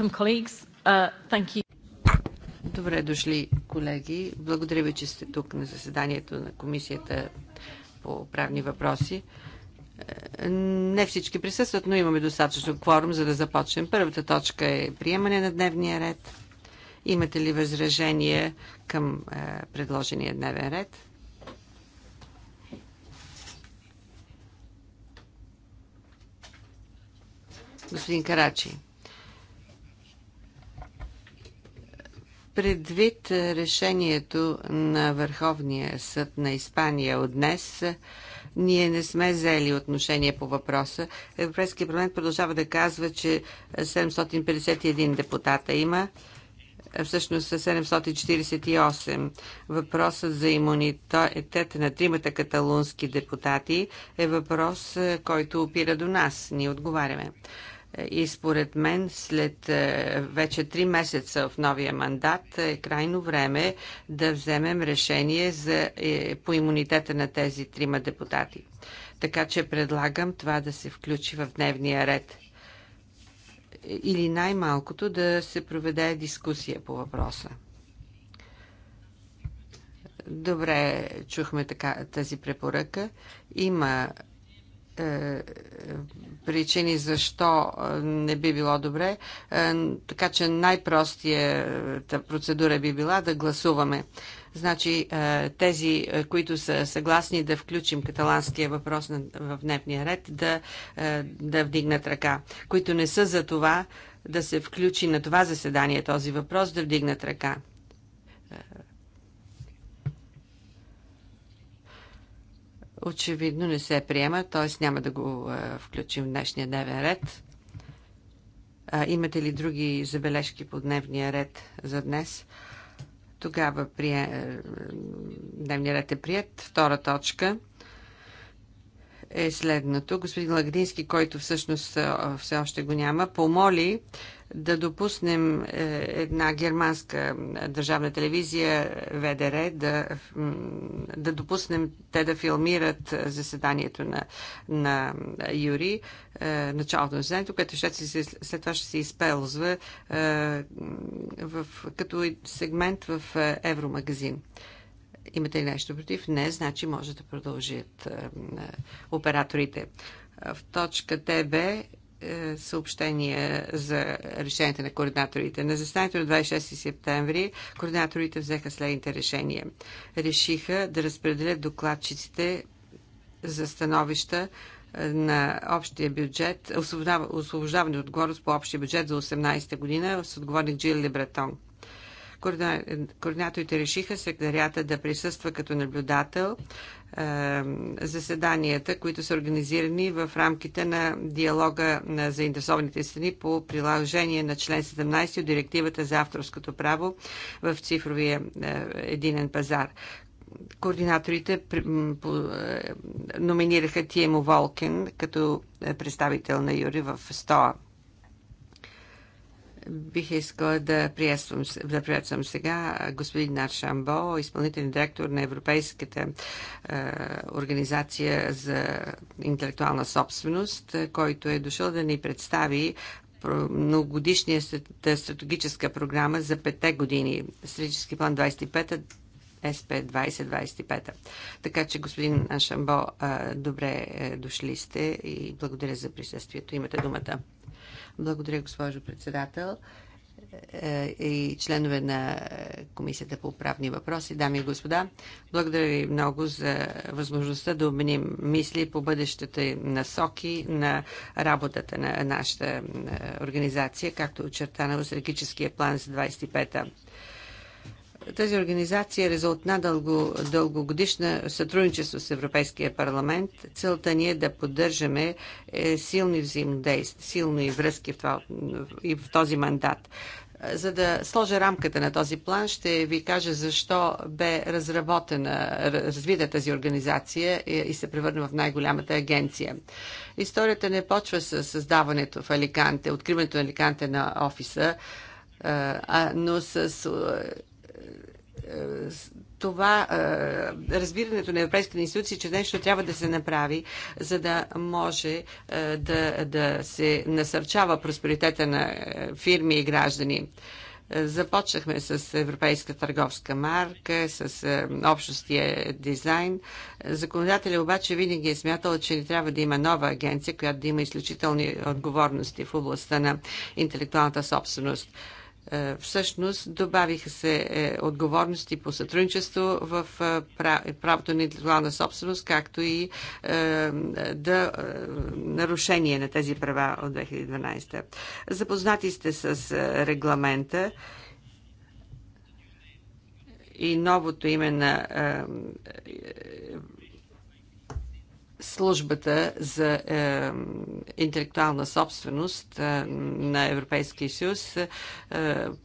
Welcome, colleagues. Uh, thank you. Добре дошли, колеги. Благодаря ви, че сте тук на заседанието на Комисията по правни въпроси. Е, не всички присъстват, но имаме достатъчно кворум, за да започнем. Първата точка е приемане на дневния ред. Имате ли възражение към е, предложения дневен ред? Господин Карачи. Предвид решението на Върховния съд на Испания от днес, ние не сме взели отношение по въпроса. Европейския парламент продължава да казва, че 751 депутата има всъщност са 748. Въпросът за имунитет на тримата каталунски депутати е въпрос, който опира до нас. Ние отговаряме и според мен след е, вече три месеца в новия мандат е крайно време да вземем решение за, е, по имунитета на тези трима депутати. Така че предлагам това да се включи в дневния ред. Или най-малкото да се проведе дискусия по въпроса. Добре, чухме така, тази препоръка. Има е, причини защо е, не би било добре. Е, така че най-простията процедура би била да гласуваме. Значи тези, които са съгласни да включим каталанския въпрос в дневния ред, да, да вдигнат ръка. Които не са за това да се включи на това заседание този въпрос, да вдигнат ръка. очевидно не се приема, т.е. няма да го е, включим в днешния дневен ред. А, имате ли други забележки по дневния ред за днес? Тогава прие... Е, дневния ред е прият. Втора точка е следното. Господин Лагдински, който всъщност все още го няма, помоли да допуснем е, една германска държавна телевизия, ВДР, да, да допуснем те да филмират заседанието на, на Юри, началото е, на заседанието, което ще се, след това ще се изпелзва е, в, като сегмент в Евромагазин. Имате ли нещо против? Не, значи може да продължат е, е, операторите. В точка ТБ е, съобщение за решенията на координаторите. На заседанието на 26 септември координаторите взеха следните решения. Решиха да разпределят докладчиците за становища на общия бюджет, освобождаване от отговорност по общия бюджет за 18 та година с отговорник Джили Лебретон. Координаторите решиха секретарията да присъства като наблюдател е, заседанията, които са организирани в рамките на диалога на заинтересованите страни по приложение на член 17 от директивата за авторското право в цифровия е, единен пазар. Координаторите е, номинираха Тиемо Волкен като представител на Юри в СТОА. Бих искала да приятствам, да приятствам сега господин Наршамбо, изпълнителен директор на Европейската е, организация за интелектуална собственост, който е дошъл да ни представи многогодишния стратегическа програма за пете години, стратегически план 25 СП 2025. Така че, господин Аншамбо, е, добре е, дошли сте и благодаря за присъствието. Имате думата. Благодаря, госпожо председател е, и членове на Комисията по правни въпроси, дами и господа. Благодаря ви много за възможността да обменим мисли по бъдещите насоки на работата на нашата е, организация, както очертана в стратегическия план за 25-та тази организация е резултат на дълго, дългогодишна сътрудничество с Европейския парламент. Целта ни е да поддържаме е, силни взаимодействия, силни връзки в, това, и в този мандат. За да сложа рамката на този план, ще ви кажа защо бе разработена, развита тази организация и се превърна в най-голямата агенция. Историята не почва с създаването в Аликанте, откриването на Аликанте на офиса, но с това е, разбирането на европейските институции, че нещо трябва да се направи, за да може е, да, да се насърчава просперитета на е, фирми и граждани. Започнахме с европейска търговска марка, с общностия дизайн. Законодателя обаче винаги е смятал, че не трябва да има нова агенция, която да има изключителни отговорности в областта на интелектуалната собственост. Е, всъщност добавиха се е, отговорности по сътрудничество в е, правото на интелектуална собственост, както и да, нарушение на тези права от 2012. Запознати сте с регламента и новото име на службата за е, интелектуална собственост е, на Европейския съюз е,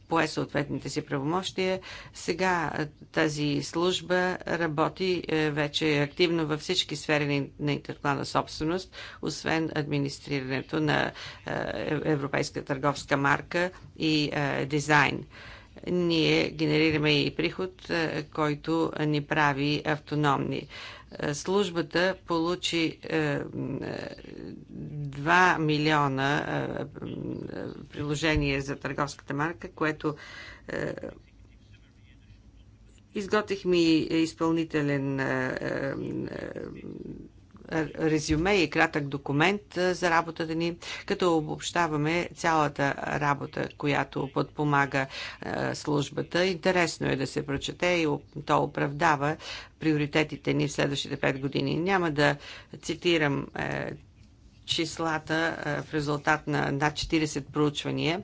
пое съответните си правомощия. Сега е, тази служба работи е, вече активно във всички сфери на, на интелектуална собственост, освен администрирането на е, е, Европейска търговска марка и е, дизайн ние генерираме и приход, е, който ни прави автономни. Е, службата получи 2 е, милиона е, приложения за търговската марка, което изготвихме изпълнителен резюме и кратък документ за работата ни, като обобщаваме цялата работа, която подпомага службата. Интересно е да се прочете и то оправдава приоритетите ни в следващите 5 години. Няма да цитирам е, числата е, в резултат на над 40 проучвания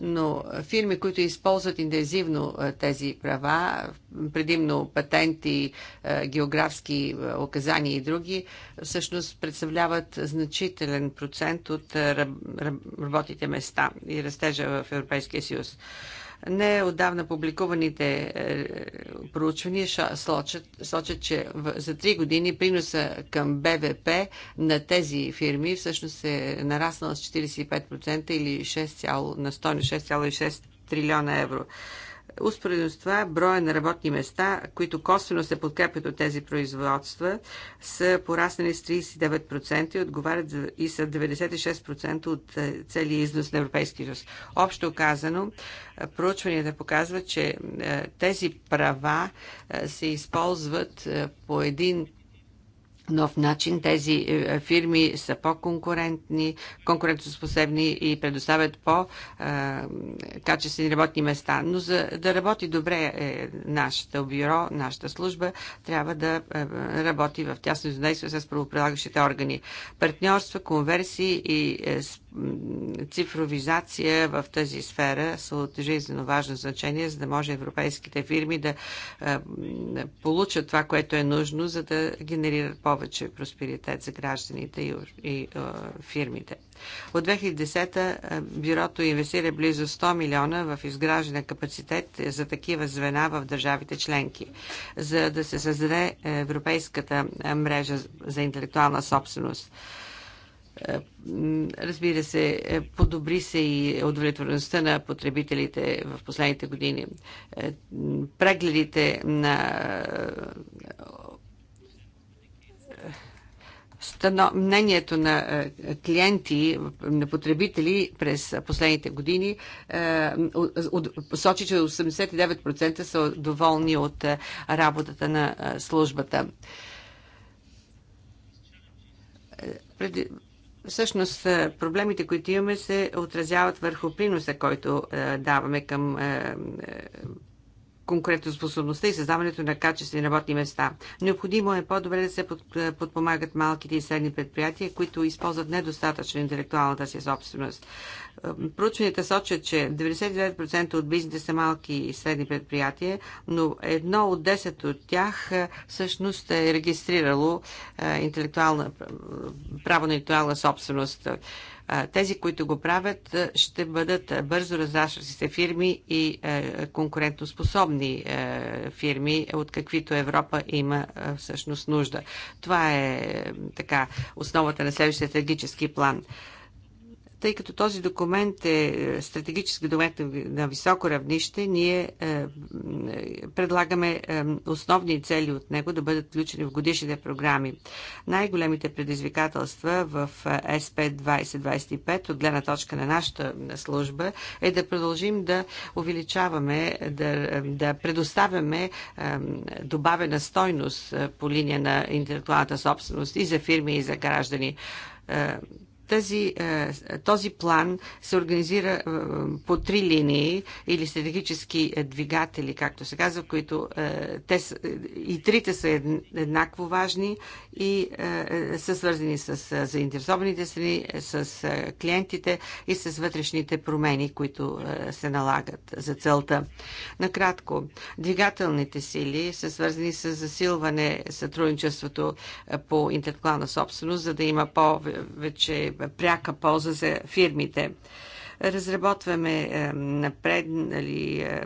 но фирми, които използват интензивно тези права, предимно патенти, географски указания и други, всъщност представляват значителен процент от работните места и растежа в Европейския съюз. Не отдавна публикуваните е, проучвания сочат, сочат че за три години приноса към БВП на тези фирми всъщност е нараснал с 45% или 6, на 6,6 трилиона евро. Успоредно с това, броя на работни места, които косвено се подкрепят от тези производства, са пораснали с 39% и отговарят за, и са 96% от е, целия износ на Европейския съюз. Общо казано, проучванията показват, че е, тези права е, се използват по един нов начин тези е, е, фирми са по-конкурентни, конкурентоспособни и предоставят по-качествени е, работни места. Но за да работи добре нашето бюро, нашата служба, трябва да работи в тясно взаимодействие с правоприлагащите органи. Партньорства, конверсии и цифровизация в тази сфера са от жизненно важно значение, за да може европейските фирми да получат това, което е нужно, за да генерират повече просперитет за гражданите и, и фирмите. От 2010 бюрото инвестира близо 100 милиона в изграждане капацитет за такива звена в държавите членки, за да се създаде европейската мрежа за интелектуална собственост. Е, разбира се, е, подобри се и удовлетвореността на потребителите в последните години. Е, прегледите на Стано... мнението на клиенти, на потребители през последните години сочи, че 89% са доволни от работата на службата всъщност е, проблемите, които имаме, се отразяват върху приноса, който е, даваме към е, конкурентоспособността и създаването на качествени работни места. Необходимо е по-добре да се подпомагат малките и средни предприятия, които използват недостатъчно интелектуалната си собственост. Проучванията сочат, че 99% от бизнесите са малки и средни предприятия, но едно от 10 от тях всъщност е регистрирало интелектуална, право на интелектуална собственост. Тези, които го правят, ще бъдат бързо разрастващи се фирми и е, конкурентоспособни е, фирми, от каквито Европа има е, всъщност нужда. Това е така основата на следващия стратегически план. Тъй като този документ е, е стратегически документ на високо равнище, ние е, е, предлагаме основни цели от него да бъдат включени в годишните програми. Най-големите предизвикателства в СП 2025 от гледна точка на нашата служба е да продължим да увеличаваме, да, да предоставяме добавена стойност по линия на интелектуалната собственост и за фирми, и за граждани тази, е, този план се организира е, по три линии или стратегически е, двигатели, както се казва, които те, и трите са еднакво важни и са свързани с заинтересованите страни, с клиентите и с вътрешните промени, които се налагат за целта. Накратко, двигателните сили са свързани с засилване сътрудничеството по интелектуална собственост, за да има повече пряка полза за фирмите. Разработваме е, напреднали е,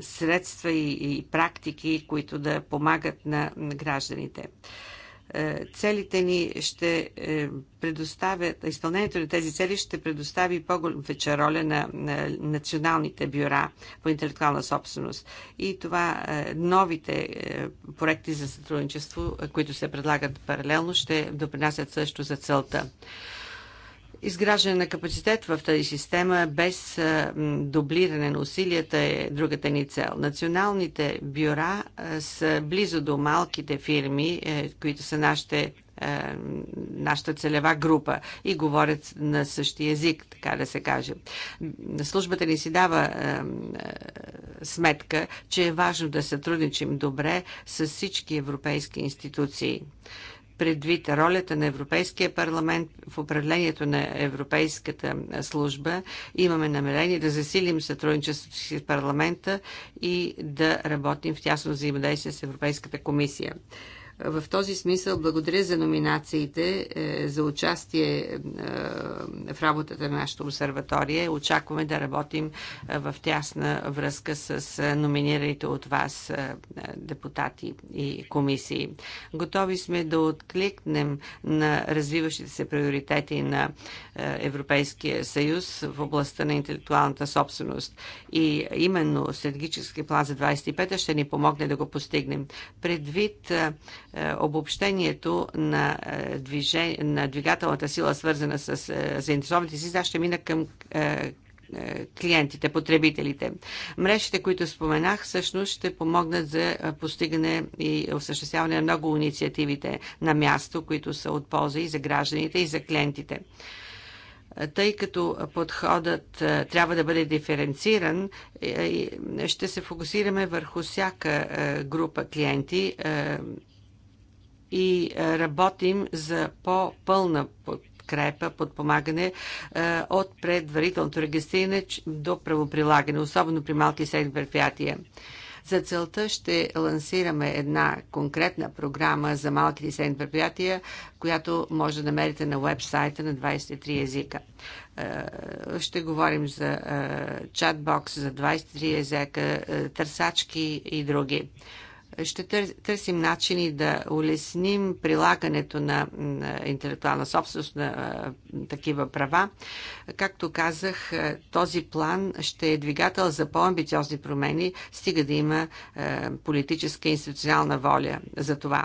средства и, и практики, които да помагат на, на гражданите. Е, целите ни ще е, предоставят, изпълнението на тези цели ще предостави по-голям вече роля на, на националните бюра по интелектуална собственост. И това е, новите проекти за сътрудничество, които се предлагат паралелно, ще допринасят също за целта. Изграждане на капацитет в тази система без дублиране на усилията е другата ни цел. Националните бюра са близо до малките фирми, е, които са нашите е, нашата целева група и говорят на същия език, така да се каже. Службата ни си дава е, е сметка, че е важно да сътрудничим добре с всички европейски институции предвид ролята на Европейския парламент в управлението на Европейската служба, имаме намерение да засилим сътрудничеството си с парламента и да работим в тясно взаимодействие с Европейската комисия. В този смисъл благодаря за номинациите, е, за участие е, в работата на нашата обсерватория. Очакваме да работим е, в тясна връзка с номинираните от вас депутати и комисии. Готови сме да откликнем на развиващите се приоритети на Европейския съюз в областта на интелектуалната собственост. И именно стратегически план за 25 ще ни помогне да го постигнем. Предвид е, обобщението на, е, движение, на двигателната сила, свързана с е, заинтересованите си, значи ще мина към клиентите, потребителите. Мрежите, които споменах, всъщност ще помогнат за постигане и осъществяване на много инициативите на място, които са от полза и за гражданите, и за клиентите. Тъй като подходът трябва да бъде диференциран, ще се фокусираме върху всяка група клиенти, и е, работим за по-пълна подкрепа, подпомагане е, от предварителното регистриране до правоприлагане, особено при малки и средни предприятия. За целта ще лансираме една конкретна програма за малките и средни предприятия, която може да намерите на вебсайта на 23 езика. Е, ще говорим за чатбокс за 23 езика, търсачки и други ще търсим начини да улесним прилагането на интелектуална собственост на такива права. Както казах, този план ще е двигател за по-амбициозни промени, стига да има политическа и институционална воля за това.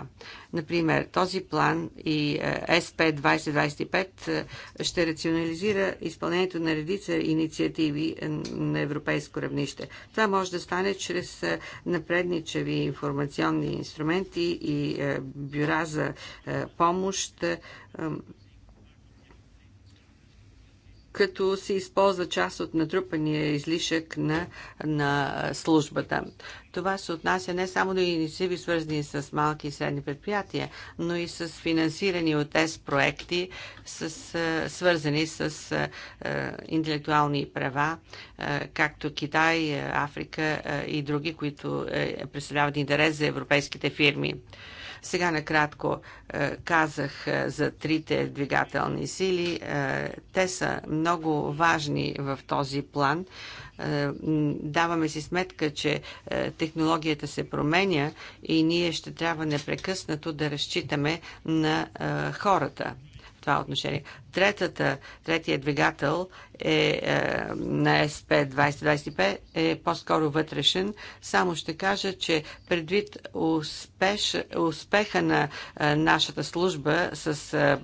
Например, този план и е, СП 2025 е, ще рационализира изпълнението на редица инициативи е, на европейско равнище. Това може да стане чрез напредничави информационни инструменти и бюра за помощ, като се използва част от натрупания излишък на, на службата. Това се отнася не само до инициативи, свързани с малки и средни предприятия, но и с финансирани от ЕС проекти, с, свързани с интелектуални права, както Китай, Африка и други, които е, представляват интерес за европейските фирми. Сега накратко е, казах е, за трите двигателни сили. Е, те са много важни в този план. Даваме си сметка, че технологията се променя и ние ще трябва непрекъснато да разчитаме на хората, това отношение. Третата, третия двигател е, е на СП 2025 е по-скоро вътрешен. Само ще кажа, че предвид успеш, успеха на е, нашата служба с е,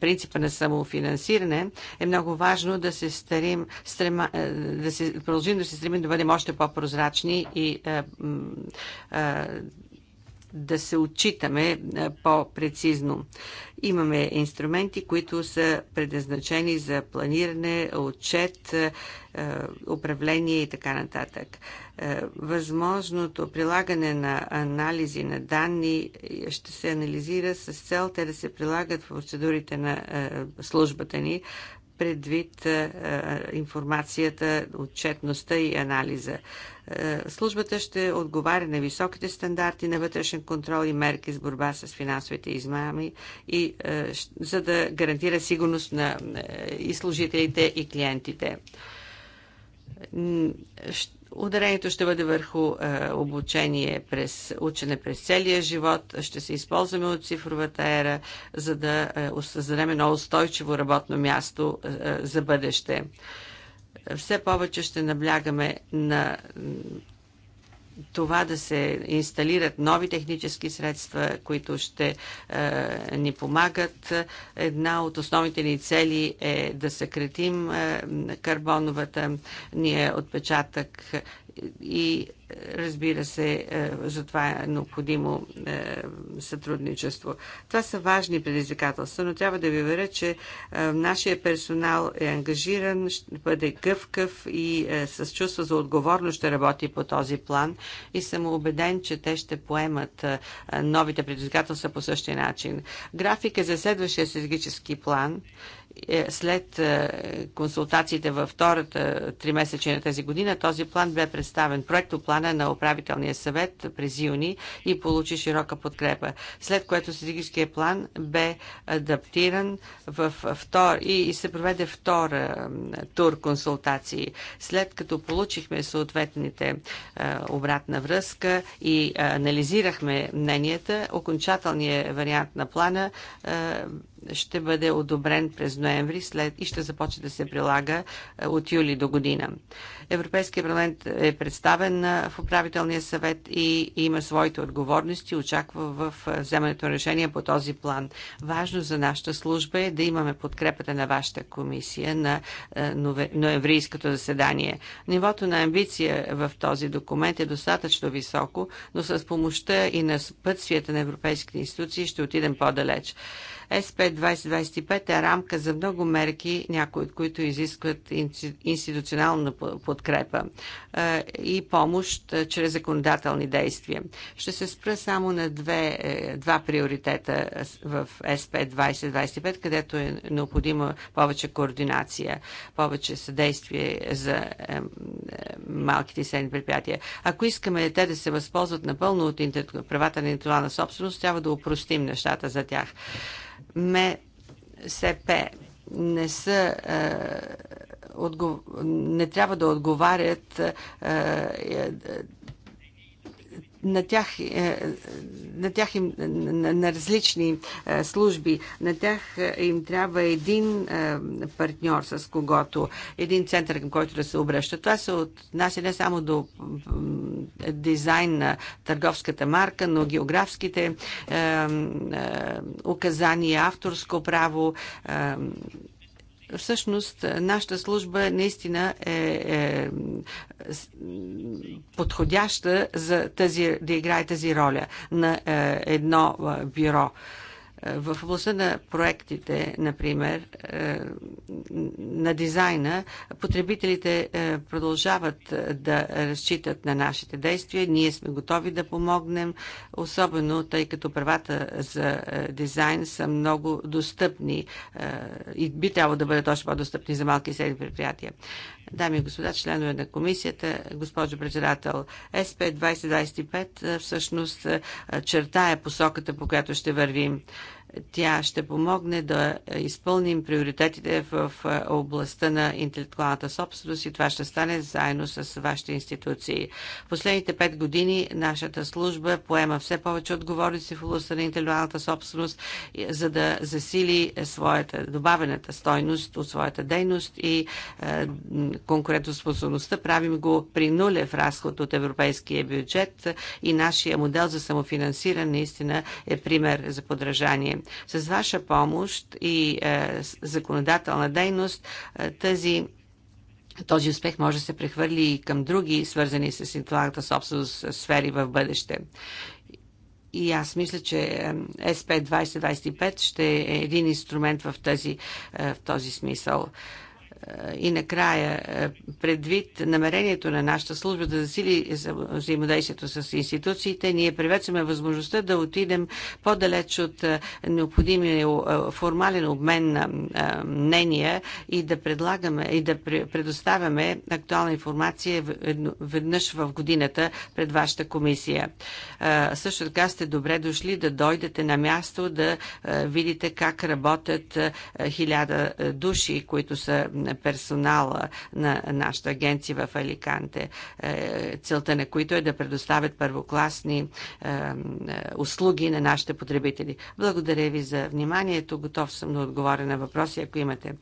принципа на самофинансиране е много важно да се старим, стрема, е, да се продължим да се стремим да бъдем още по-прозрачни и е, е, да се отчитаме е, по-прецизно. Имаме инструменти, които са предназначени за планиране, отчет, е, управление и така нататък. Е, възможното прилагане на анализи на данни ще се анализира с цел те да се прилагат в процедурите на е, службата ни предвид информацията, отчетността и анализа. Службата ще отговаря на високите стандарти на вътрешен контрол и мерки с борба с финансовите измами, и, за да гарантира сигурност на и служителите, и клиентите Ударението ще бъде върху е, обучение през учене през целия живот. Ще се използваме от цифровата ера, за да е, създадем едно устойчиво работно място е, е за бъдеще. Все повече ще наблягаме на това да се инсталират нови технически средства, които ще е, ни помагат. Една от основните ни цели е да съкретим е, карбоновата ни е отпечатък и разбира се, е, за това е необходимо е, сътрудничество. Това са важни предизвикателства, но трябва да ви веря, че е, нашия персонал е ангажиран, ще бъде гъвкав и с чувство за отговорност ще работи по този план и съм убеден, че те ще поемат новите предизвикателства по същия начин. График е за следващия стратегически план е, след е, консултациите във втората тримесечие на тази година, този план бе представен плана на управителния съвет през юни и получи широка подкрепа, след което стратегическия план бе адаптиран в втор... и се проведе втора тур консултации. След като получихме съответните е, обратна връзка и анализирахме мненията, окончателният вариант на плана ще бъде одобрен през ноември след и ще започне да се прилага е, от юли до година. Европейския парламент е представен е, в управителния съвет и има своите отговорности, очаква в е, вземането на решение по този план. Важно за нашата служба е да имаме подкрепата на вашата комисия на ноеврийското заседание. Нивото на амбиция в този документ е достатъчно високо, но с помощта и на пътствията на европейските институции ще отидем по-далеч. СП 2025 е рамка за много мерки, някои от които изискват институционална подкрепа е, и помощ е, чрез законодателни действия. Ще се спра само на две, е, два приоритета в СП 2025, където е необходима повече координация, повече съдействие за малките седни предприятия. Ако искаме те да се възползват напълно от правата на интелектуална собственост, трябва да упростим нещата за тях. МСП не са е, не трябва да отговарят е, е, на тях, е, е, на тях им, на различни е, служби, на тях им трябва един партньор с когото, един център, към който да се обръща. Това се отнася не само до дизайн на търговската марка, но географските указания, авторско право, Всъщност, е, нашата служба наистина е, е подходяща за тази, да играе тази роля на е, едно е, бюро. Е, в областта на проектите, например, е, на дизайна, потребителите е, продължават да разчитат на нашите действия. Ние сме готови да помогнем, особено тъй като правата за дизайн са много достъпни и би трябвало да бъдат още по-достъпни за малки и средни предприятия. Дами и господа, членове на комисията, госпожо председател, СП 2025 всъщност чертая посоката, по която ще вървим. Тя ще помогне да изпълним приоритетите в областта на интелектуалната собственост и това ще стане заедно с вашите институции. Последните пет години нашата служба поема все повече отговорности в областта на интелектуалната собственост, за да засили своята добавената стойност от своята дейност и конкурентоспособността. Правим го при нулев разход от европейския бюджет и нашия модел за самофинансиране наистина е пример за подражание. С ваша помощ и е, законодателна дейност е, тази този успех може да се прехвърли и към други, свързани с интелектуалната собственост сфери в бъдеще. И аз мисля, че SP е, 2025 ще е един инструмент в, тази, в този смисъл. И накрая, е, предвид намерението на нашата служба да засили взаимодействието с институциите, ние приветстваме възможността да отидем по-далеч от е, необходимия е, формален обмен на мнения и да предлагаме и да предоставяме актуална информация веднъж в годината пред вашата комисия. Също така сте добре дошли да дойдете на място да видите как работят хиляда души, които са на персонала на нашата агенция в Аликанте, е, целта на които е да предоставят първокласни е, е, услуги на нашите потребители. Благодаря ви за вниманието. Готов съм да отговоря на въпроси, ако имате.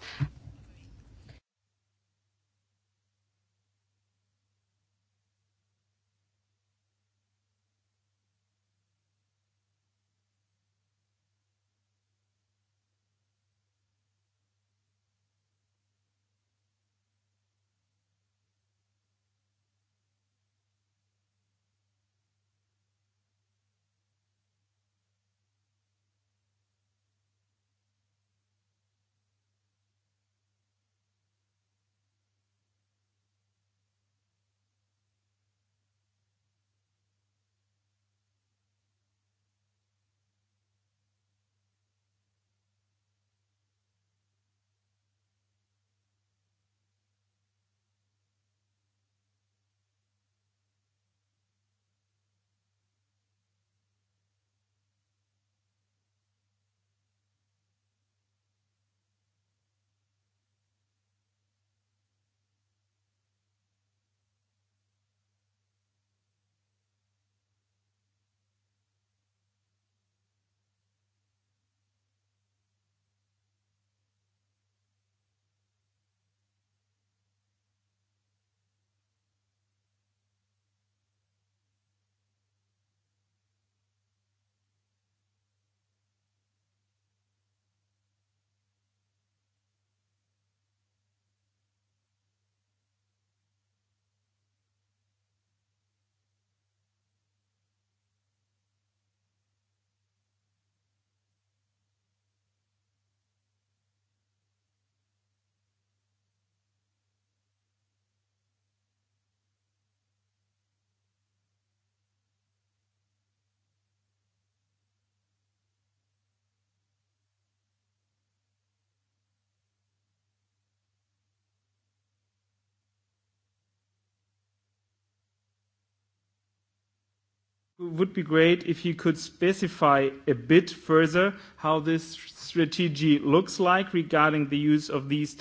would be great if you could specify a bit further how this strategy looks like regarding the use of these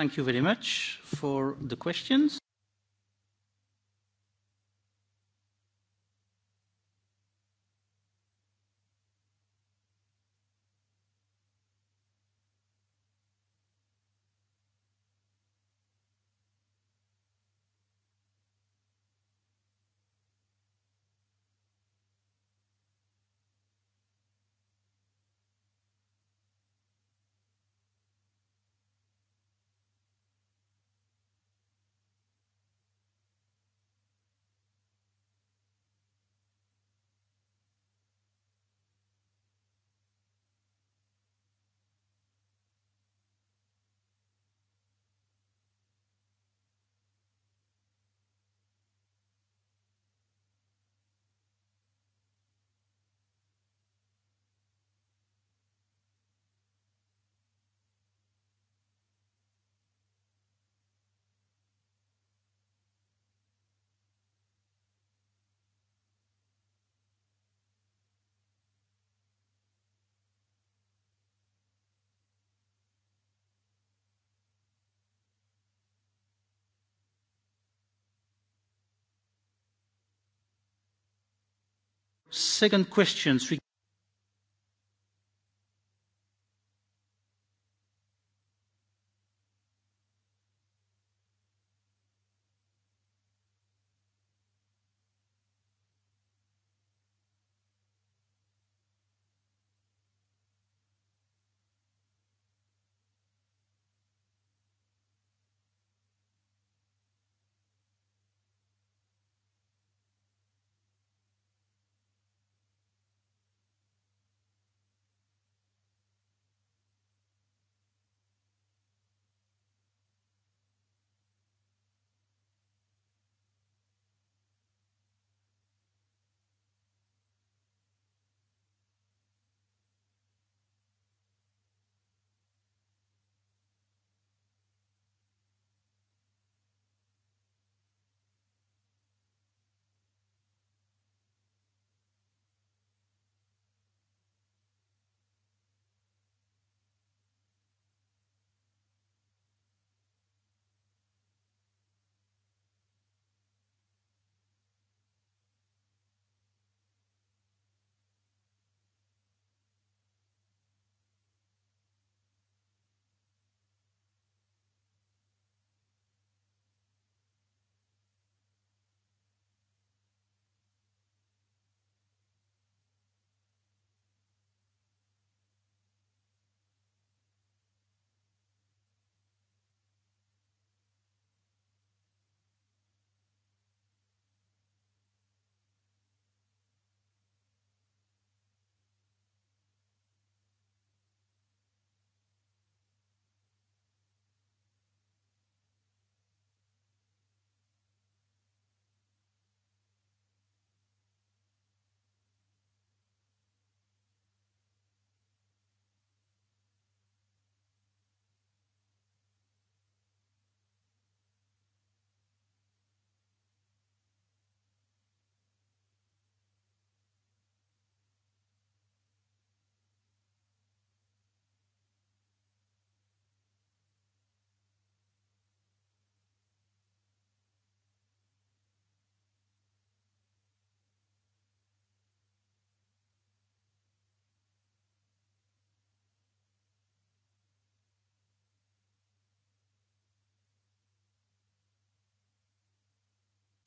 Thank you very much for the questions. Second questions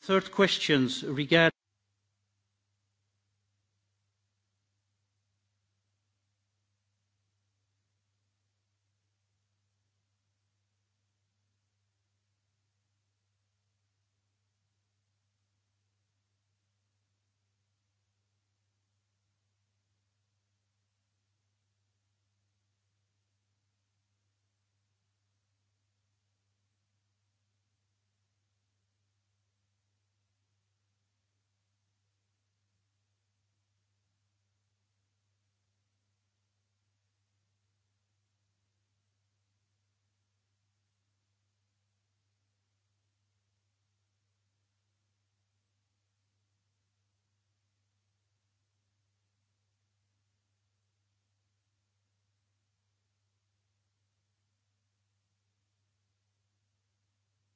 Third questions regarding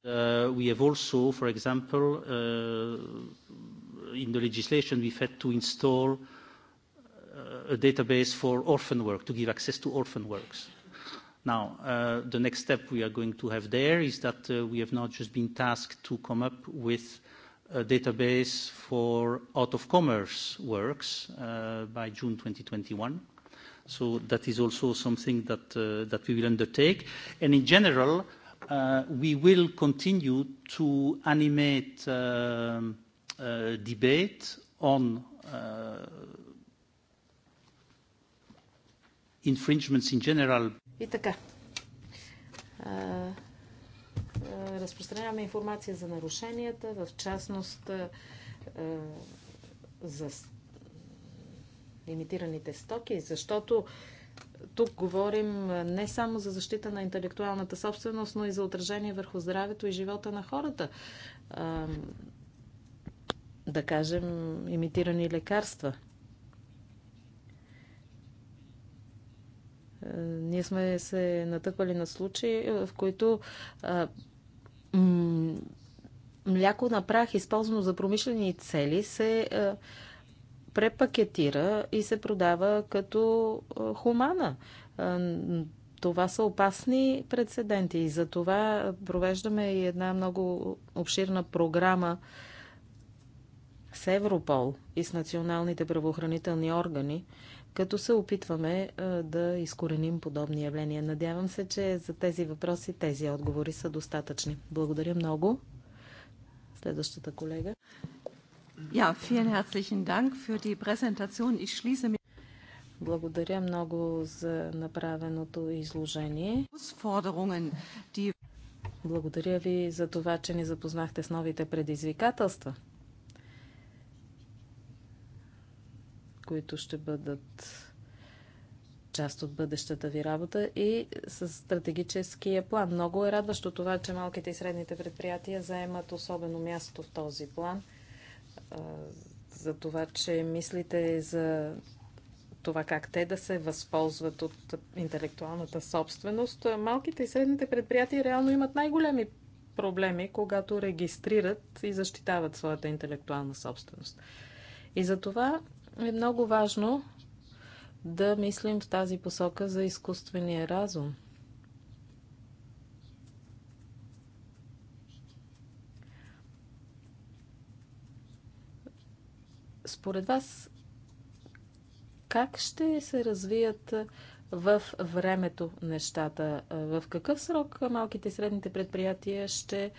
Uh, we have also, for example, uh, in the legislation, we've had to install a database for orphan work, to give access to orphan works. Now, uh, the next step we are going to have there is that uh, we have not just been tasked to come up with a database for out-of-commerce works uh, by June 2021. So that is also something that, uh, that we will undertake. And in general, Uh, we will continue to animate uh, uh, debate on uh, infringements in general. И така. Uh, uh, разпространяваме информация за нарушенията, в частност за имитираните стоки, защото тук говорим не само за защита на интелектуалната собственост, но и за отражение върху здравето и живота на хората. Да кажем, имитирани лекарства. Ние сме се натъквали на случаи, в които мляко на прах, използвано за промишлени цели, се препакетира и се продава като хумана. Това са опасни прецеденти и за това провеждаме и една много обширна програма с Европол и с националните правоохранителни органи, като се опитваме да изкореним подобни явления. Надявам се, че за тези въпроси тези отговори са достатъчни. Благодаря много. Следващата колега. Ja, vielen herzlichen Dank für die Präsentation. Ich schließe mich благодаря много за направеното изложение. Благодаря ви за това, че ни запознахте с новите предизвикателства, които ще бъдат част от бъдещата ви работа и с стратегическия план. Много е радващо това, че малките и средните предприятия заемат особено място в този план – за това, че мислите за това как те да се възползват от интелектуалната собственост. Малките и средните предприятия реално имат най-големи проблеми, когато регистрират и защитават своята интелектуална собственост. И за това е много важно да мислим в тази посока за изкуствения разум – Според вас, как ще се развият в времето нещата? В какъв срок малките и средните предприятия ще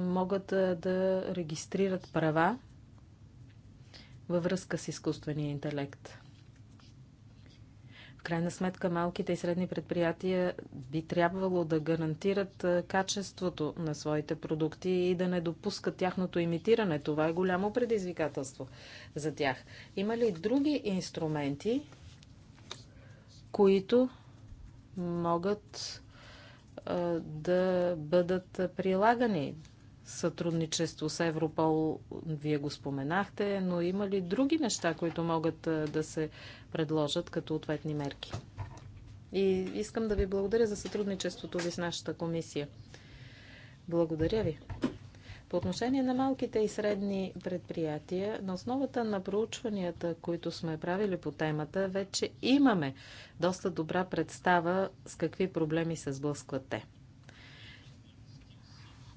могат да регистрират права във връзка с изкуствения интелект? крайна сметка малките и средни предприятия би трябвало да гарантират качеството на своите продукти и да не допускат тяхното имитиране. Това е голямо предизвикателство за тях. Има ли други инструменти, които могат да бъдат прилагани? сътрудничество с Европол, вие го споменахте, но има ли други неща, които могат да се предложат като ответни мерки? И искам да ви благодаря за сътрудничеството ви с нашата комисия. Благодаря ви. По отношение на малките и средни предприятия, на основата на проучванията, които сме правили по темата, вече имаме доста добра представа с какви проблеми се сблъскват те.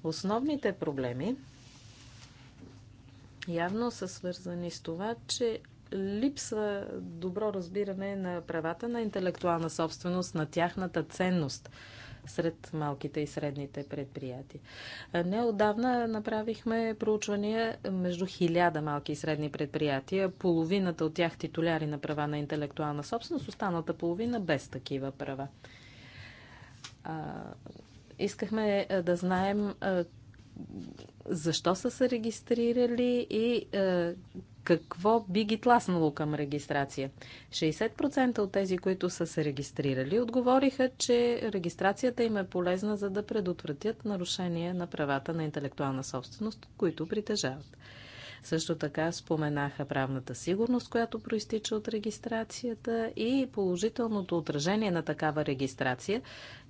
Основните проблеми явно са свързани с това, че липсва добро разбиране на правата на интелектуална собственост, на тяхната ценност сред малките и средните предприятия. Неодавна направихме проучвания между хиляда малки и средни предприятия, половината от тях титуляри на права на интелектуална собственост, останалата половина без такива права. Искахме е, да знаем е, защо са се регистрирали и е, какво би ги тласнало към регистрация. 60% от тези, които са се регистрирали, отговориха, че регистрацията им е полезна за да предотвратят нарушение на правата на интелектуална собственост, които притежават. Също така споменаха правната сигурност, която проистича от регистрацията и положителното отражение на такава регистрация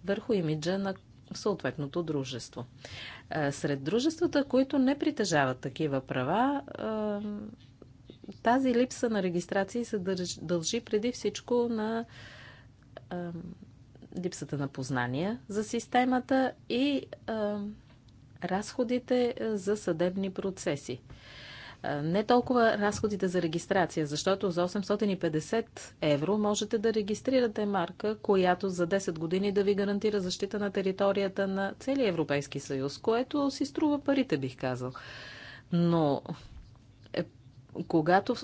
върху имиджа на в съответното дружество. Е, сред дружествата, които не притежават такива права, е, тази липса на регистрации се дължи преди всичко на е, липсата на познания за системата и разходите за съдебни процеси. Не толкова разходите за регистрация, защото за 850 евро можете да регистрирате марка, която за 10 години да ви гарантира защита на територията на целия Европейски съюз, което си струва парите, бих казал. Но е, когато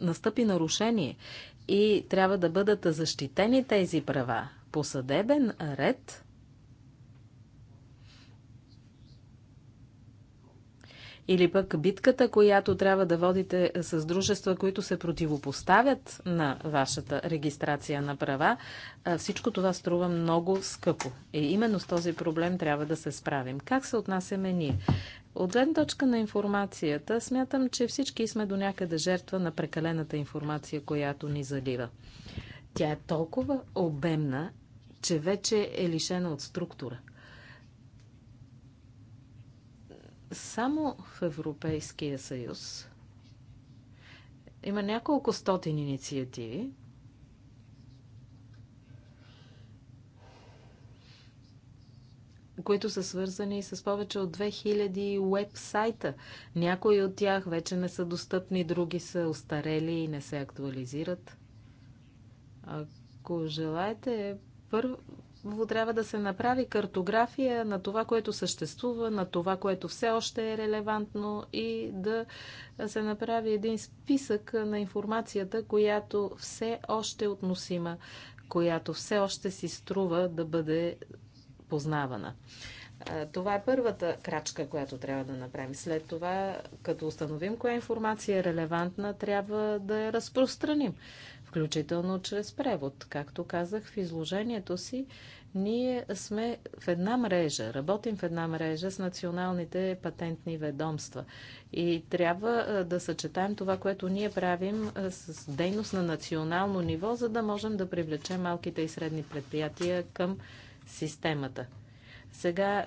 настъпи нарушение и трябва да бъдат защитени тези права по съдебен ред, Или пък битката, която трябва да водите с дружества, които се противопоставят на вашата регистрация на права, всичко това струва много скъпо. И именно с този проблем трябва да се справим. Как се отнасяме ние? От гледна точка на информацията, смятам, че всички сме до някъде жертва на прекалената информация, която ни залива. Тя е толкова обемна, че вече е лишена от структура – Само в Европейския съюз има няколко стотин инициативи, които са свързани с повече от 2000 уебсайта. Някои от тях вече не са достъпни, други са устарели и не се актуализират. Ако желаете, пър трябва да се направи картография на това, което съществува, на това, което все още е релевантно и да се направи един списък на информацията, която все още е относима, която все още си струва да бъде познавана. Това е първата крачка, която трябва да направим. След това, като установим коя информация е релевантна, трябва да я разпространим включително чрез превод. Както казах в изложението си, ние сме в една мрежа, работим в една мрежа с националните патентни ведомства. И трябва да съчетаем това, което ние правим с дейност на национално ниво, за да можем да привлечем малките и средни предприятия към системата. Сега е,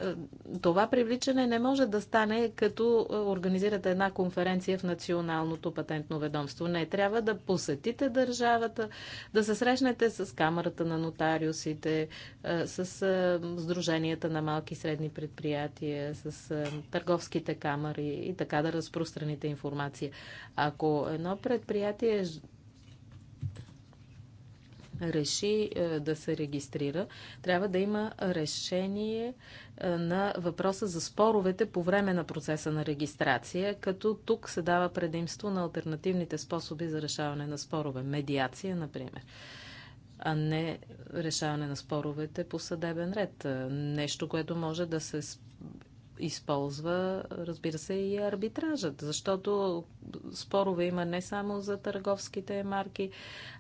това привличане не може да стане като е, организирате една конференция в Националното патентно ведомство. Не, трябва да посетите държавата, да се срещнете с Камерата на нотариусите, е, с Сдруженията на малки и средни предприятия, с търговските камери и така да разпространите информация. Ако едно предприятие реши е, да се регистрира, трябва да има решение е, на въпроса за споровете по време на процеса на регистрация, като тук се дава предимство на альтернативните способи за решаване на спорове. Медиация, например а не решаване на споровете по съдебен ред. Е, нещо, което може да се използва, разбира се, и арбитражът, защото спорове има не само за търговските марки,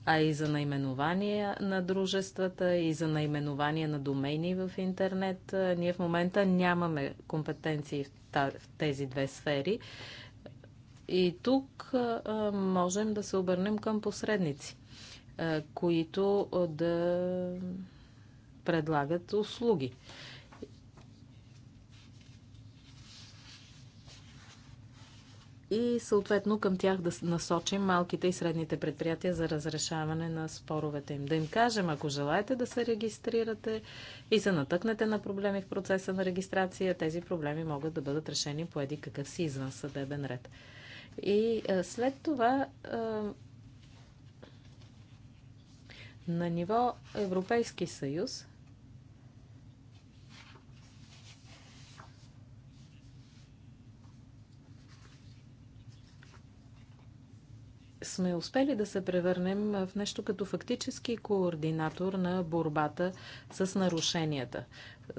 а и за наименования на дружествата, и за наименования на домейни в интернет. Ние в момента нямаме компетенции в тези две сфери. И тук можем да се обърнем към посредници, които да предлагат услуги. и съответно към тях да насочим малките и средните предприятия за разрешаване на споровете им. Да им кажем, ако желаете да се регистрирате и се натъкнете на проблеми в процеса на регистрация, тези проблеми могат да бъдат решени по един какъв си извън съдебен ред. И след това на ниво Европейски съюз сме успели да се превърнем в нещо като фактически координатор на борбата с нарушенията.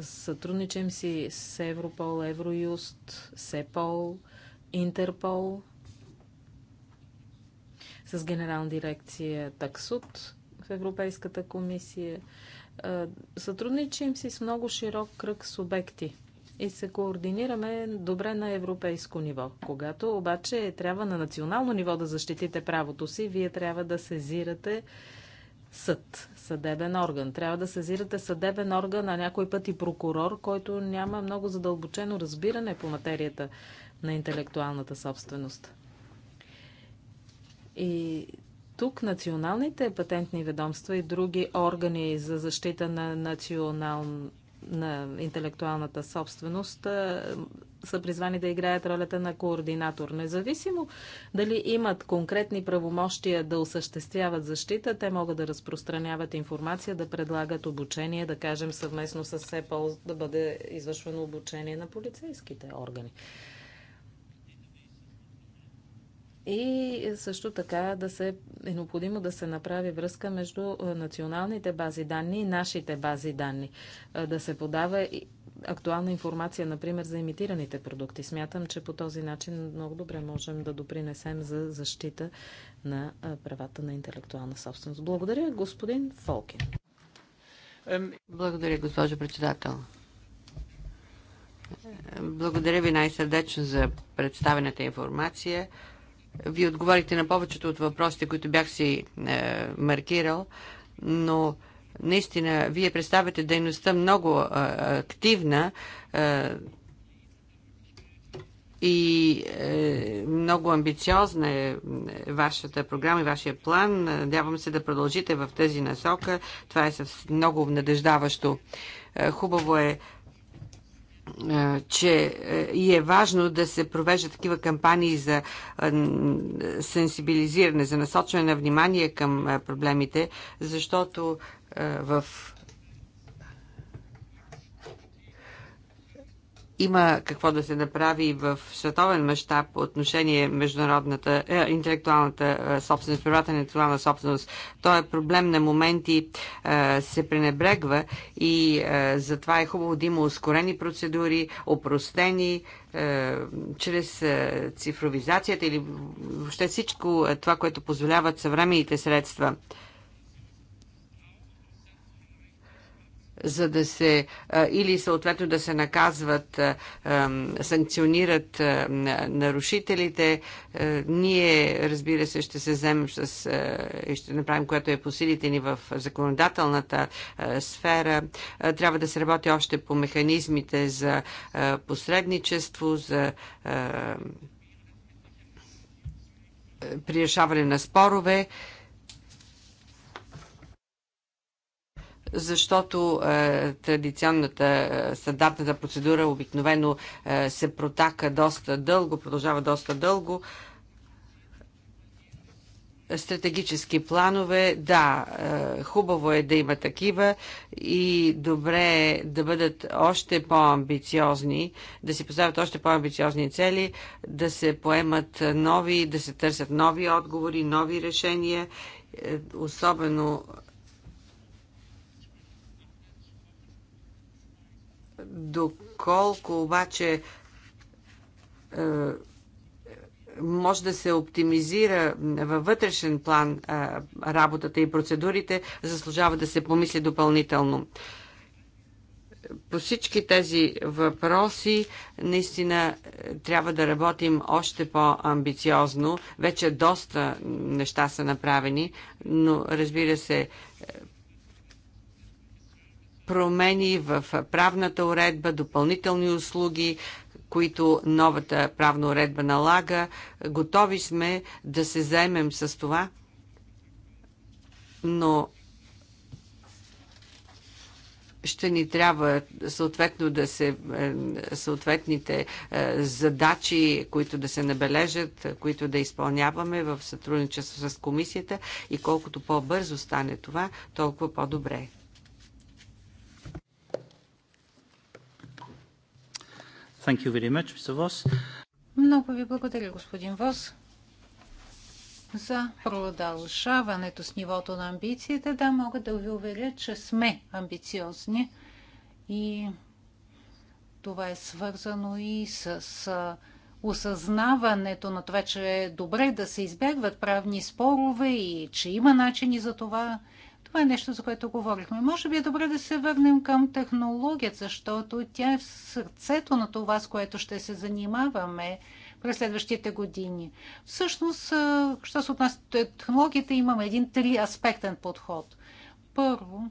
Сътрудничим си с Европол, Евроюст, СЕПОЛ, Интерпол, с генерална дирекция Таксуд в Европейската комисия. Сътрудничим си с много широк кръг субекти – и се координираме добре на европейско ниво. Когато обаче трябва на национално ниво да защитите правото си, вие трябва да сезирате съд, съдебен орган. Трябва да сезирате съдебен орган, а някой път и прокурор, който няма много задълбочено разбиране по материята на интелектуалната собственост. И тук националните патентни ведомства и други органи за защита на национално на интелектуалната собственост са призвани да играят ролята на координатор. Независимо дали имат конкретни правомощия да осъществяват защита, те могат да разпространяват информация, да предлагат обучение, да кажем съвместно с СЕПОЛ да бъде извършвано обучение на полицейските органи. И също така да се, е необходимо да се направи връзка между е, националните бази данни и нашите бази данни. Е, да се подава актуална информация, например, за имитираните продукти. Смятам, че по този начин много добре можем да допринесем за защита на е, правата на интелектуална собственост. Благодаря, господин Фолкин. Благодаря, госпожо председател. Благодаря ви най-сърдечно за представената информация. Вие отговорихте на повечето от въпросите, които бях си е, маркирал, но наистина вие представяте дейността много е, активна е, и е, много амбициозна е, е вашата програма и вашия план. Надявам се да продължите в тази насока. Това е много надеждаващо. Е, хубаво е че е, и е важно да се провеждат такива кампании за сенсибилизиране, за насочване на внимание към проблемите, защото в има какво да се направи в световен мащаб по отношение международната, е, интелектуалната е, собственост, правата на интелектуална собственост. Той е проблем на моменти е, се пренебрегва и е, затова е хубаво да има ускорени процедури, опростени, е, чрез е, цифровизацията или въобще всичко е, това, което позволяват съвременните средства. за да се или съответно да се наказват, санкционират нарушителите. Ние, разбира се, ще се вземем с и ще направим, което е по силите ни в законодателната сфера. Трябва да се работи още по механизмите за посредничество, за при решаване на спорове. защото е, традиционната е, стандартната процедура обикновено е, се протака доста дълго, продължава доста дълго. Стратегически планове, да, е, хубаво е да има такива и добре е да бъдат още по-амбициозни, да се поставят още по-амбициозни цели, да се поемат нови, да се търсят нови отговори, нови решения, е, особено Доколко обаче е, може да се оптимизира във вътрешен план е, работата и процедурите, заслужава да се помисли допълнително. По всички тези въпроси наистина е, трябва да работим още по-амбициозно. Вече доста неща са направени, но разбира се, промени в правната уредба, допълнителни услуги, които новата правна уредба налага. Готови сме да се заемем с това, но ще ни трябва съответно да се е, съответните е, задачи, които да се набележат, които да изпълняваме в сътрудничество с комисията и колкото по-бързо стане това, толкова по-добре. Thank you very much, Mr. Voss. Много ви благодаря, господин Вос. За продължаването с нивото на амбициите, да, мога да ви уверя, че сме амбициозни и това е свързано и с осъзнаването на това, че е добре да се избягват правни спорове и че има начини за това. Това е нещо, за което говорихме. Може би е добре да се върнем към технологията, защото тя е в сърцето на това, с което ще се занимаваме през следващите години. Всъщност, що се отнася до технологията, имаме един триаспектен подход. Първо,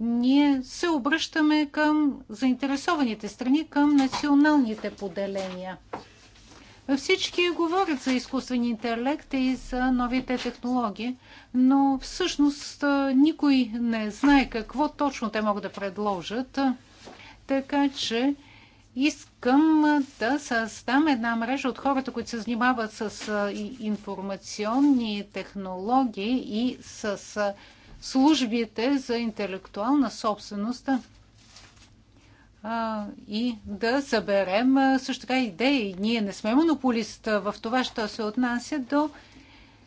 ние се обръщаме към заинтересованите страни, към националните поделения. Всички говорят за изкуствен интелект и за новите технологии, но всъщност никой не знае какво точно те могат да предложат. Така че искам да създам една мрежа от хората, които се занимават с информационни технологии и с службите за интелектуална собственост и да съберем също така идеи. Ние не сме монополист в това, що се отнася до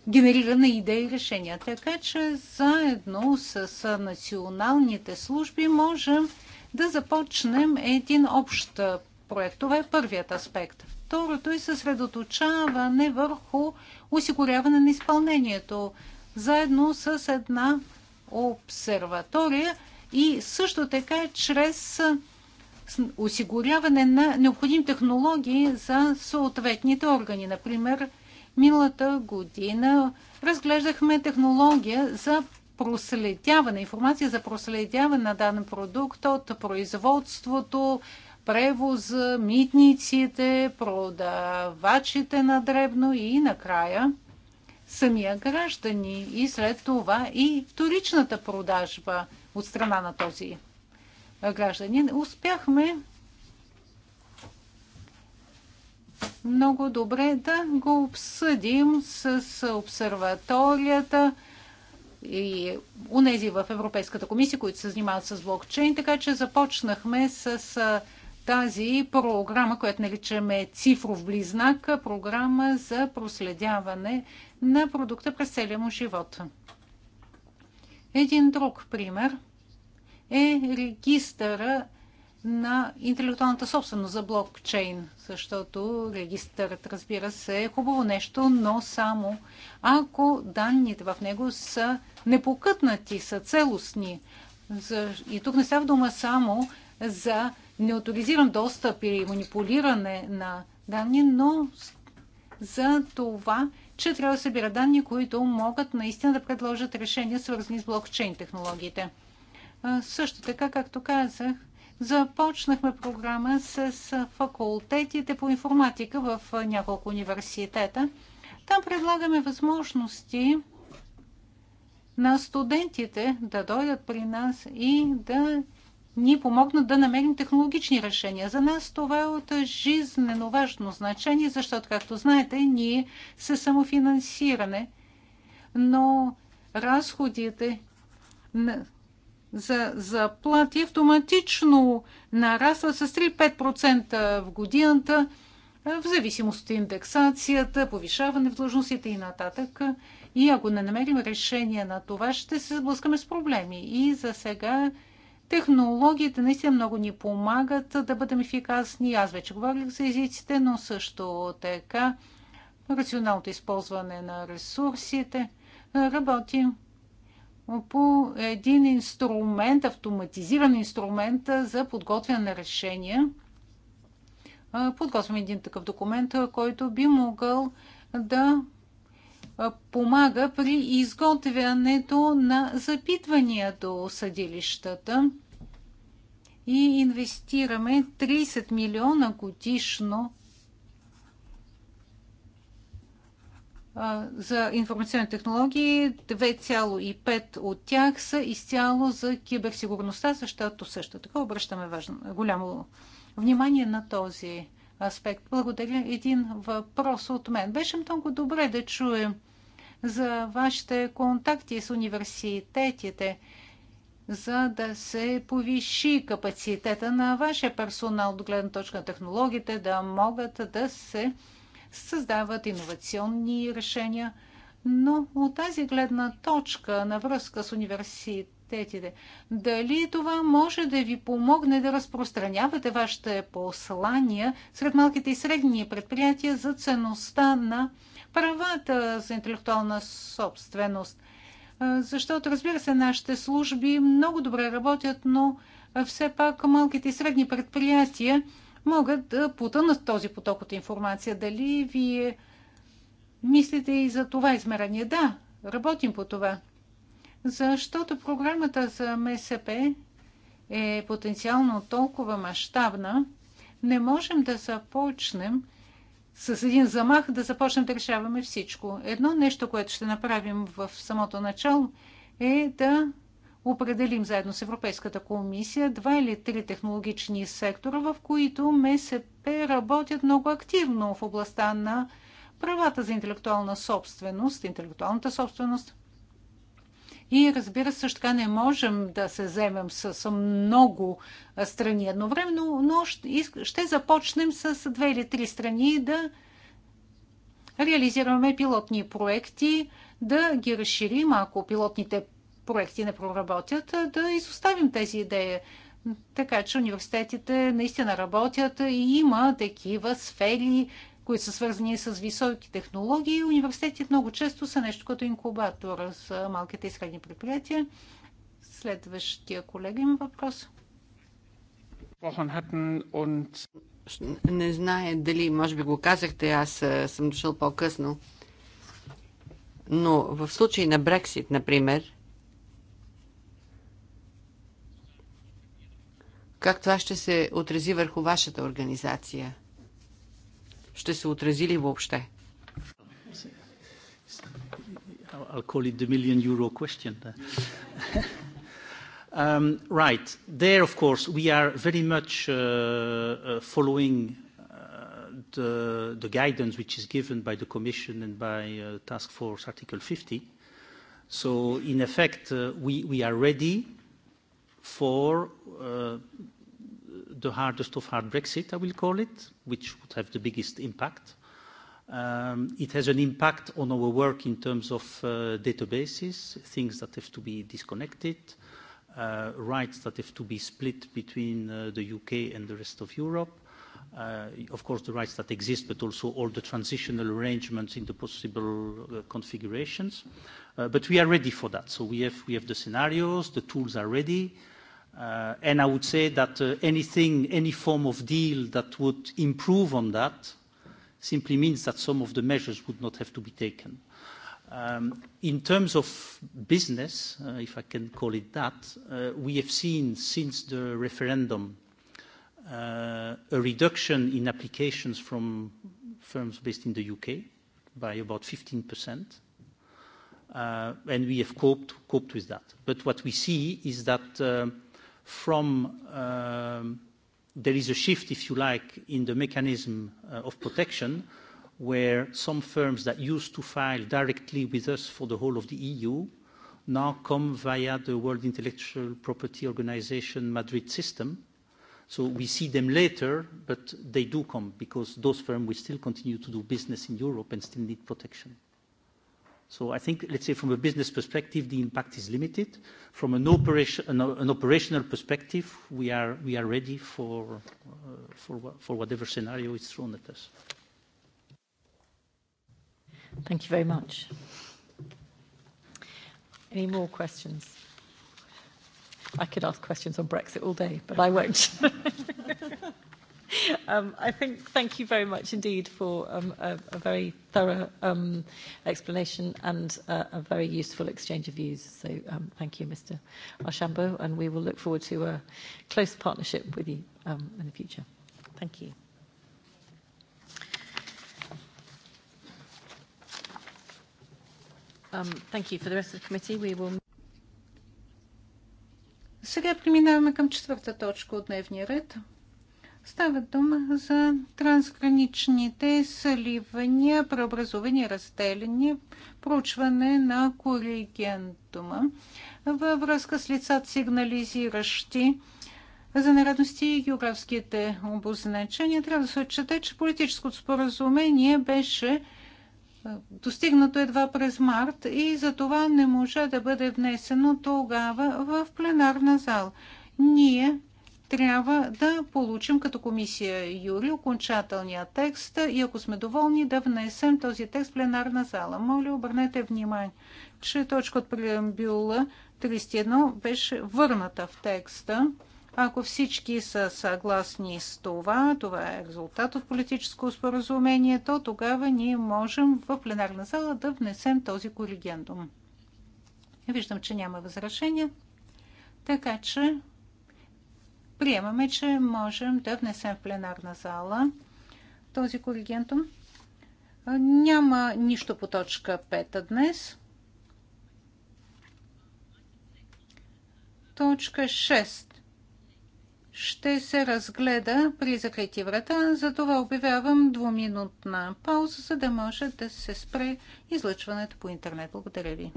генериране идеи и решения. Така че заедно с националните служби можем да започнем един общ проект. Това е първият аспект. Второто е съсредоточаване върху осигуряване на изпълнението, заедно с една обсерватория и също така чрез осигуряване на необходими технологии за съответните органи. Например, миналата година разглеждахме технология за проследяване, информация за проследяване на даден продукт от производството, превоз, митниците, продавачите на дребно и накрая самия граждани и след това и вторичната продажба от страна на този гражданин, успяхме много добре да го обсъдим с обсерваторията и унези в Европейската комисия, които се занимават с блокчейн, така че започнахме с тази програма, която наричаме цифров близнак, програма за проследяване на продукта през целия му живот. Един друг пример – е регистъра на интелектуалната собственост за блокчейн, защото регистърът, разбира се, е хубаво нещо, но само ако данните в него са непокътнати, са целостни. И тук не става дума само за неоторизиран достъп или манипулиране на данни, но за това, че трябва да събира данни, които могат наистина да предложат решения, свързани с блокчейн технологиите. Също така, както казах, започнахме програма с факултетите по информатика в няколко университета. Там предлагаме възможности на студентите да дойдат при нас и да ни помогнат да намерим технологични решения. За нас това е от жизнено важно значение, защото, както знаете, ние се самофинансиране, но разходите за заплати автоматично нараства с 3-5% в годината, в зависимост от индексацията, повишаване в длъжностите и нататък. И ако не намерим решение на това, ще се сблъскаме с проблеми. И за сега технологията наистина много ни помагат да бъдем ефикасни. Аз вече говорих за езиците, но също така рационалното използване на ресурсите. Работим по един инструмент, автоматизиран инструмент за подготвяне на решения. Подготвяме един такъв документ, който би могъл да помага при изготвянето на запитвания до съдилищата и инвестираме 30 милиона годишно за информационни технологии, 2,5 от тях са изцяло за киберсигурността, защото също така обръщаме важно, голямо внимание на този аспект. Благодаря. Един въпрос от мен. Беше много добре да чуем за вашите контакти с университетите, за да се повиши капацитета на вашия персонал от гледна точка на технологиите, да могат да се създават иновационни решения, но от тази гледна точка на връзка с университетите, дали това може да ви помогне да разпространявате вашите послания сред малките и средни предприятия за ценността на правата за интелектуална собственост? Защото, разбира се, нашите служби много добре работят, но все пак малките и средни предприятия могат да потънат този поток от информация. Дали вие мислите и за това измерение? Да, работим по това. Защото програмата за МСП е потенциално толкова мащабна, не можем да започнем с един замах да започнем да решаваме всичко. Едно нещо, което ще направим в самото начало, е да определим заедно с Европейската комисия два или три технологични сектора, в които МСП работят много активно в областта на правата за интелектуална собственост, интелектуалната собственост. И разбира се, също така не можем да се вземем с много страни едновременно, но ще започнем с две или три страни да реализираме пилотни проекти, да ги разширим, ако пилотните проекти не проработят, да изоставим тези идеи. Така че университетите наистина работят и има такива сфери, които са свързани с високи технологии. Университетите много често са нещо като инкубатор с малките и средни предприятия. Следващия колега има въпрос. Не знае дали, може би го казахте, аз съм дошъл по-късно. Но в случай на Брексит, например, Как това ще се отрази върху вашата организация? Ще се отрази ли въобще? I'll call it the million euro question. um, right. There, of course, we are very much uh, uh, following uh, the, the guidance which is given by the Commission and by uh, Task Force Article 50. So, in effect, uh, we, we are ready for uh, the hardest of hard Brexit, I will call it, which would have the biggest impact. Um, it has an impact on our work in terms of uh, databases, things that have to be disconnected, uh, rights that have to be split between uh, the UK and the rest of Europe, uh, of course the rights that exist, but also all the transitional arrangements in the possible uh, configurations. Uh, but we are ready for that. So we have, we have the scenarios, the tools are ready. Uh, And I would say that anything, any form of deal that would improve on that simply means that some of the measures would not have to be taken. In terms of business, if I can call it that, we have seen since the referendum a reduction in applications from firms based in the U.K. by about 15%, and we have coped with that. But what we see is that from there is a shift, if you like, in the mechanism of protection, where some firms that used to file directly with us for the whole of the EU now come via the World Intellectual Property Organization Madrid system. So we see them later, but they do come because those firms will still continue to do business in Europe and still need protection. So I think, let's say, from a business perspective, the impact is limited. From an operational perspective, we are ready for whatever scenario is thrown at us. Thank you very much. Any more questions? I could ask questions on Brexit all day, but I won't um, I think thank you very much indeed for um, a, a very thorough um, explanation and uh, a very useful exchange of views. So um, thank you, Mr. Archambeau, and we will look forward to a close partnership with you um, in the future. Thank you. Um, thank you. For the rest of the committee, we will... Сега преминаваме към четвърта точка от дневния ред – Става дума за трансграничните съливания, преобразувани, разделени, проучване на коригентума във връзка с лицата сигнализиращи за нередности и географските обозначения. Трябва да се отчете, че политическото споразумение беше е, достигнато едва през март и за това не може да бъде внесено тогава в пленарна зал. Ние трябва да получим като комисия Юри окончателния текст и ако сме доволни да внесем този текст в пленарна зала. Моля, обърнете внимание, че точка от преамбюла 31 беше върната в текста. Ако всички са съгласни с това, това е резултат от политическо споразумение, то тогава ние можем в пленарна зала да внесем този коригендум. Виждам, че няма възражения. Така че приемаме, че можем да внесем в пленарна зала този коригентум. Няма нищо по точка 5 днес. Точка 6 ще се разгледа при закрити врата, затова обявявам двуминутна пауза, за да може да се спре излъчването по интернет. Благодаря ви.